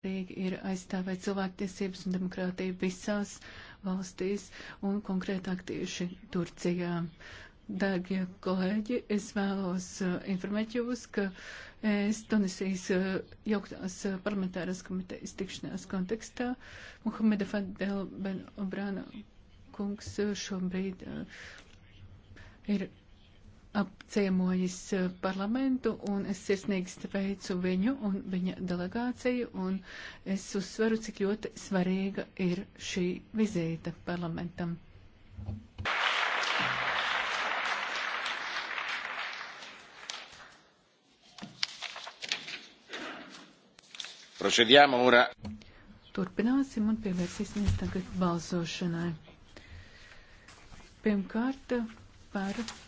svarīgi ir aizstāvēt cilvēktiesības un demokrātiju visās valstīs un konkrētāk tieši Turcijā. Dārgie kolēģi, es vēlos uh, informēt jūs, ka es Tunisijas uh, jauktās uh, parlamentāras komitejas tikšanās kontekstā Muhameda Fadel Ben Obrana kungs šobrīd ir apciemojis eh, parlamentu, un es sirsnīgi sveicu viņu un viņa delegāciju, un es uzsveru, cik ļoti svarīga ir šī vizīte parlamentam. Procediamo ora. Turpināsim un pievērsīsimies tagad balsošanai. Pirmkārt par